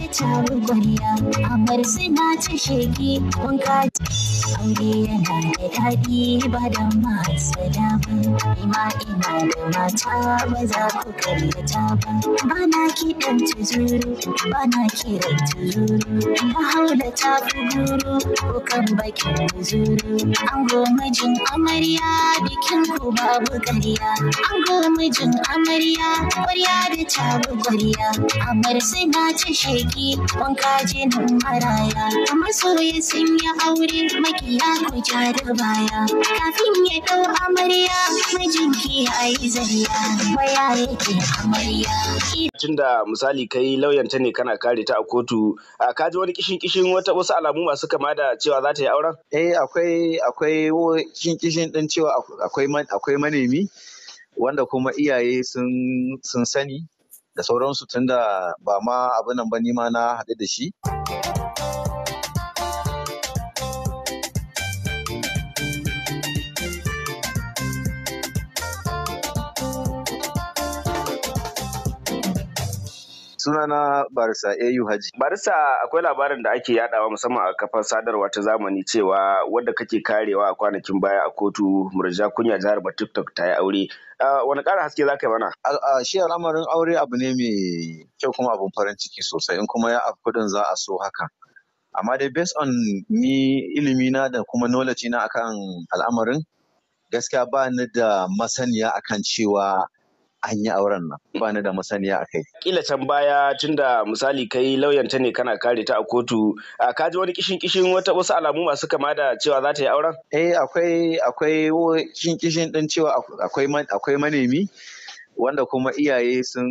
ya taru gwarya amar suna ta shege wanka aure yana da daɗi ba da masada ba ima ina da mata ba za ku karyata ba ba na kiɗan tuzuru ba na kiran tuzuru ba haula ta guru ko kan bakin tuzuru an mijin amarya bikin ku babu ƙarya an mijin amarya ƙwarya da tabu ƙwarya amar suna ta shege sarki wanka jinin maraya masoyi sun yi aure makiya ku ja baya kafin ya dau amarya mijinki ya yi zariya baya yake amarya. Tun da misali kai lauyanta ne kana kare ta a kotu ka ji wani kishin kishin wata wasu alamu masu kama da cewa za ta yi auren? Eh akwai akwai kishin kishin din cewa akwai akwai manemi wanda kuma iyaye sun sani da sauransu tunda ba ma abin nan ba ni ma na haɗu da shi. sunana barisa AU Haji. Barisa akwai labarin da ake yadawa musamman a kafar sadarwa ta zamani cewa wadda kake karewa a kwanakin baya a kotu murja kunya jihar TikTok ta yi aure. Wani ƙara haske za ka yi mana? Shi al'amarin aure abu ne mai kyau kuma abun farin ciki sosai in kuma ya abu kuɗin za a so haka. Amma dai based on ni ilimina da kuma knowledge na akan al'amarin gaskiya ba ni da masaniya akan cewa an yi auren nan ba ni da masaniya a kai. Kila can baya tunda misali kai lauyanta ne kana kare ta a kotu ka ji wani kishin kishin wata wasu alamu masu kama da cewa za ta yi auren? Eh akwai akwai kishin kishin din cewa akwai manemi wanda kuma iyaye sun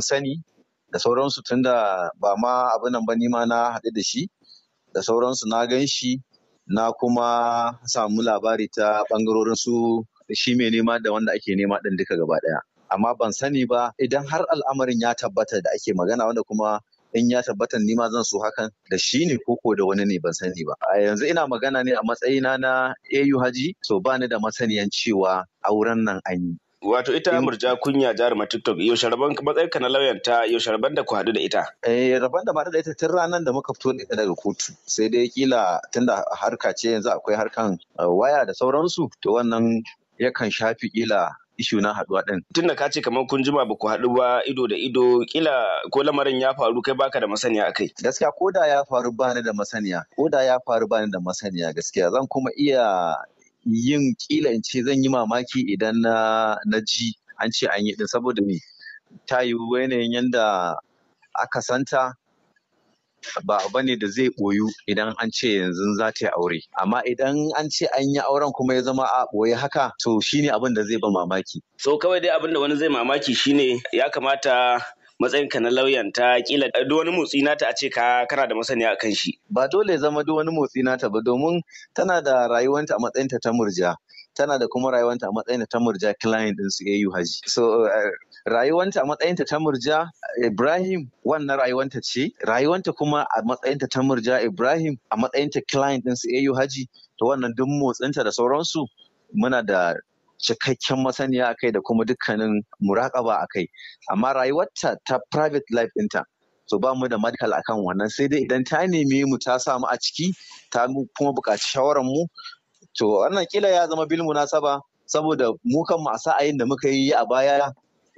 sani da sauransu tunda ba ma abin nan ba ni ma na haɗu da shi da sauransu na gan shi na kuma samu labari ta ɓangarorin su shi mai nema da wanda ake nema ɗin duka gaba ɗaya. amma ban sani ba idan har al'amarin ya tabbata da ake magana wanda kuma in ya tabbata ni ma zan so hakan da shi ne koko da wani ne ban sani ba a yanzu ina magana ne a matsayina na AU Haji so ba ni da masaniyan cewa auren nan an yi Wato ita murja kunya ma TikTok yaushe rabon matsayin ka na lauyan ta yaushe rabon da ku haɗu da ita? Eh rabon da ba da ita tun ranar da muka fito daga kotu sai dai kila tunda harka ce yanzu akwai harkan eh, waya da sauransu to wannan yakan shafi kila ishu na haduwa din. Tunda ka ce kamar kun jima ba ku haɗu ba ido da ido kila ko lamarin ya faru kai baka da masaniya akai. Gaskiya koda da ya faru bani da masaniya ko ya faru bani da masaniya gaskiya zan kuma iya yin kila in ce zan yi mamaki idan na na ji an ce an yi din saboda me ta yiwu yanayin yanda aka santa ba abu ne da zai boyu idan an ce yanzu za ta yi aure amma idan an ce an yi auren kuma ya zama a boye haka to shine abin da zai ba mamaki so kawai dai abin da wani zai mamaki shine ya kamata matsayinka na lauyan ta kila duk wani motsi nata a ce ka kana da masaniya akan shi ba dole ya zama duk wani motsi nata ba domin tana da rayuwanta a matsayinta ta murja tana da kuma rayuwanta a matsayin ta murja client din su AU Haji. So eh, rayuwanta a matsayinta ta murja Ibrahim wannan rayuwanta ce rayuwanta kuma a matsayinta ta murja Ibrahim a matsayinta client din su AU Haji to wannan duk motsinta da sauransu muna da cikakken masaniya akai da kuma dukkanin muraƙaba akai amma rayuwarta ta private life ɗinta so ba mu da medical akan wannan sai dai idan ta nemi mu ta samu a ciki ta kuma buƙaci shawaran mu to wannan kila ya zama bilmu na saba, saboda mu kan mu a sa'ayin da muka yi a baya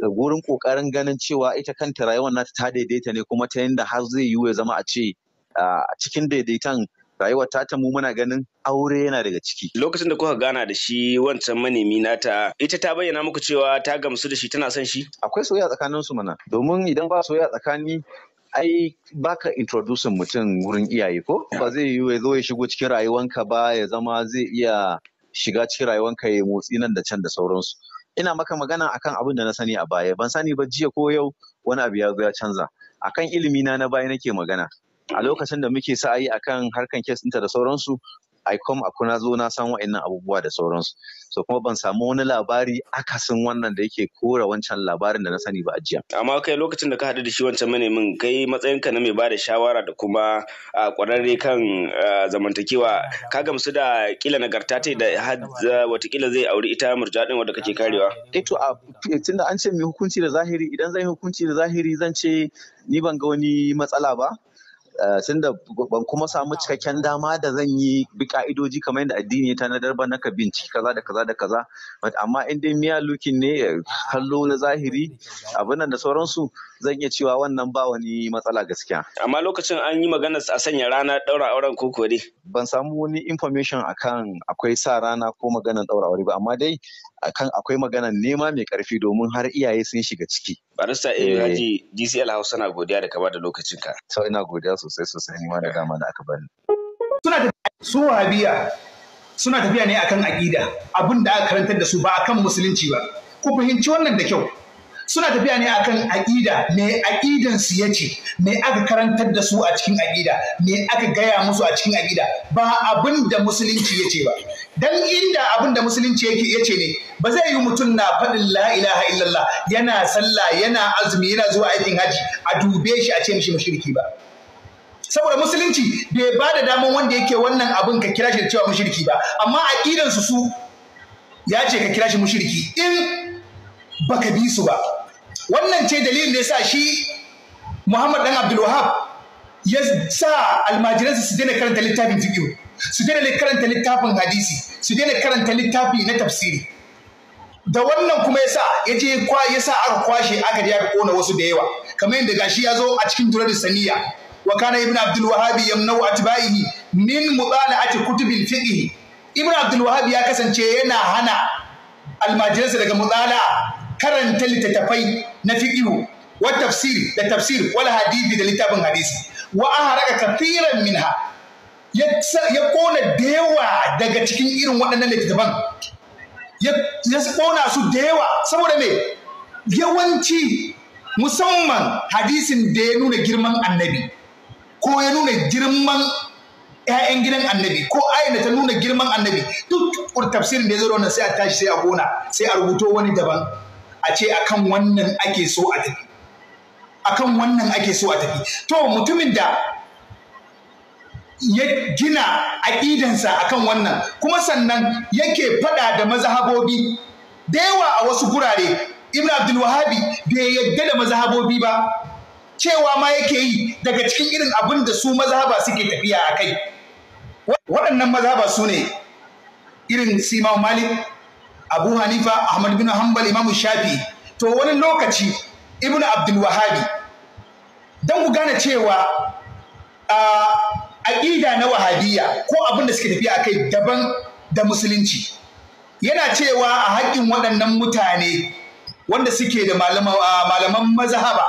gurin kokarin ganin cewa ita kanta rayuwar nata ta daidaita ne kuma ta yadda har zai yiwu ya zama a ce a cikin daidaitan rayuwar ta mu muna ganin aure yana daga ciki. Lokacin da kuka gana da shi wancan manemi nata ita ta bayyana muku cewa ta gamsu da shi tana son shi? Akwai soyayya tsakanin su mana domin idan ba soyayya tsakani ai baka introducing mutum wurin iyaye ko ba zai yi ya zo ya shigo cikin rayuwanka ba ya zama zai iya shiga cikin rayuwanka ya motsi nan da can da sauransu. ina maka magana akan abin da na sani a baya ban sani ba jiya ko yau wani abu ya zo ya canza akan ilimi na na baya nake magana a lokacin da muke sa'ayi akan harkan kes ɗinta da sauransu icom a kuna zo na san wa'annan abubuwa da sauransu so kuma ban samu wani labari akasin wannan da yake kora wancan labarin da na sani ba a jiya amma kai lokacin da ka haɗu da shi wancan manemin kai matsayinka na mai bada shawara da kuma ƙwararre kan zamantakewa ka gamsu da kila nagarta ta da watakila zai auri ita murjaɗin wadda kake karewa eh to tunda an ce mai hukunci da zahiri idan zan yi hukunci da zahiri zan ce ni ban ga wani matsala ba Eh, tunda ban kuma samu cikakken dama da zan yi bi ka'idoji kamar yadda addini ta nadar ba naka binciki kaza da kaza da kaza amma in dai miya lukin ne kallo na zahiri abin da sauransu zan iya cewa wannan ba wani matsala gaskiya amma lokacin an yi magana a sanya rana daura auren ko kore. ban samu wani information akan akwai sa rana ko maganar daura aure ba amma dai akan akwai maganar nema mai karfi domin har iyaye sun shiga ciki. Barista Eyo eh. Haji DCL Hausa na godiya da kaba da lokacinka. Sau ina godiya sosai sosai ni da dama da aka bani. su wahabiya suna tafiya ne akan aƙida abin da aka karantar da su ba akan musulunci ba. Ku fahimci wannan da kyau. Suna tafiya ne akan aƙida me aƙidan su yace me aka karantar da su a cikin aƙida me aka gaya musu a cikin aƙida ba abin da musulunci yace ba. dan inda abin da musulunci yake yace ne ba zai yi mutum na faɗin la ilaha illallah yana sallah yana azumi yana zuwa aikin haji a dube shi a ce mishi mushriki ba saboda musulunci bai ba da daman wanda yake wannan abin ka kira shi da cewa mushriki ba amma aqidan su su ya ce ka kira shi mushriki in baka bi su ba wannan ce dalilin da yasa shi Muhammad dan Abdul Wahab ya sa almajiransa su daina karanta littafin fiqh su daina karanta littafin hadisi su daina karanta littafi na tafsiri da wannan kuma yasa ya je kwa yasa aka kwashe aka ya kona wasu da yawa kamar yadda gashi ya zo a cikin durar saniya wa kana Ibn abdul wahabi a atba'ihi min ci kutubin fiɗi. Ibn abdul wahabi ya kasance yana hana almajiransa daga mutala'a karanta littattafai na fiqh wa tafsir da tafsir wala hadisi da littafin hadisi wa ahraka min minha ya kona da yawa daga cikin irin waɗannan littattafan ya kona su da yawa saboda me yawanci musamman hadisin da ya nuna girman annabi ko ya nuna girman 'ya'yan gidan annabi ko ayyana ta nuna girman annabi duk tafsirin da ya zo wannan sai a tashi sai a gona sai a rubuto wani daban a ce akan wannan ake so a tafi akan wannan ake so a tafi to mutumin da ya gina aƙidansa kan wannan kuma sannan yake faɗa da mazahabobi. da yawa a wasu gurare ibn abdul bai yadda da mazahabobi ba cewa ma yake yi daga cikin irin abin da su mazahaba suke tafiya a kai waɗannan mazahaba su ne irin sima malik abu hanifa ahmad bin hanbal imamu shafi to wani lokaci ibn abdul wahabi don ku gane cewa a aƙida na wahabiyya ko abin da suke tafiya kai daban da musulunci yana cewa a haƙƙin waɗannan mutane wanda suke da malaman mazhaba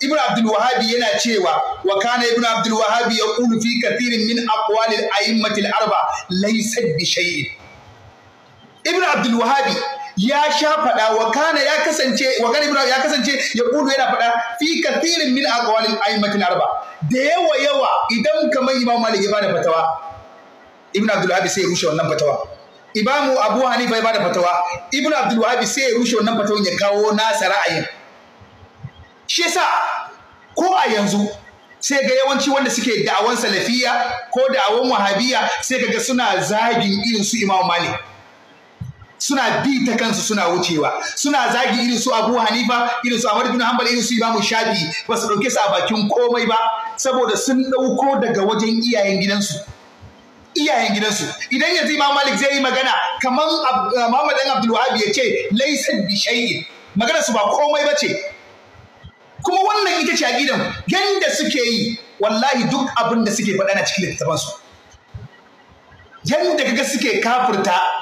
ibn abdul wahabi yana cewa wa kana ibn abdul wahabi yaqulu fi kathirin min aqwali al-a'immati arba laysat bi shay'in ibn abdul wahabi ya sha faɗa wa kana ya kasance wa kana ibn ya kasance ya kulu yana faɗa fi kathirin min aqwali al-a'immati arba da yawa yawa idan kamar imam malik ya bada fatawa ibn abdul sai ya rushe wannan fatawa Ibamu, abu hanifa ya bada fatawa ibn abdul sai ya rushe wannan fatawa ya kawo nasa ra'ayin shi yasa ko a yanzu sai ga yawanci wanda suke da'awan salafiya ko da'awan wahabiya sai ga suna zagin irin su imam malik suna bi ta kansu suna wucewa suna zagi irin su Abu Hanifa irin su Ahmad bin Hanbal irin su Imam Shafi ba su dauke su a bakin komai ba saboda sun dauko daga wajen iyayen gidansu iyayen gidansu idan yanzu Imam Malik zai yi magana kamar eh, Muhammad dan Abdul Wahhab ya ce laysa bi shay'in magana su ba komai bace kuma wannan ita ce aqidan yanda suke yi wallahi duk abin da suke faɗa na cikin littafansu yanda kaga suke kafurta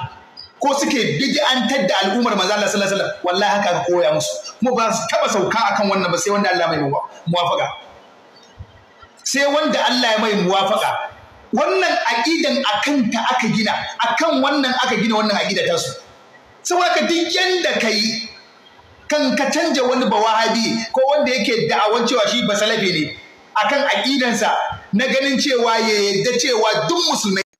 ko suke bid'antar da al'ummar maza Allah sallallahu alaihi wasallam wallahi haka aka koya musu kuma ba su taba sauka akan wannan ba sai wanda Allah mai muwafaka sai wanda Allah ya mai muwafaka wannan aqidan akan ta aka gina akan wannan aka gina wannan aqida ta su saboda ka duk yanda kai kan ka canja wani wahabi ko wanda yake da'awan cewa shi basalafi ne akan aqidansa na ganin cewa ya yadda cewa duk musulmai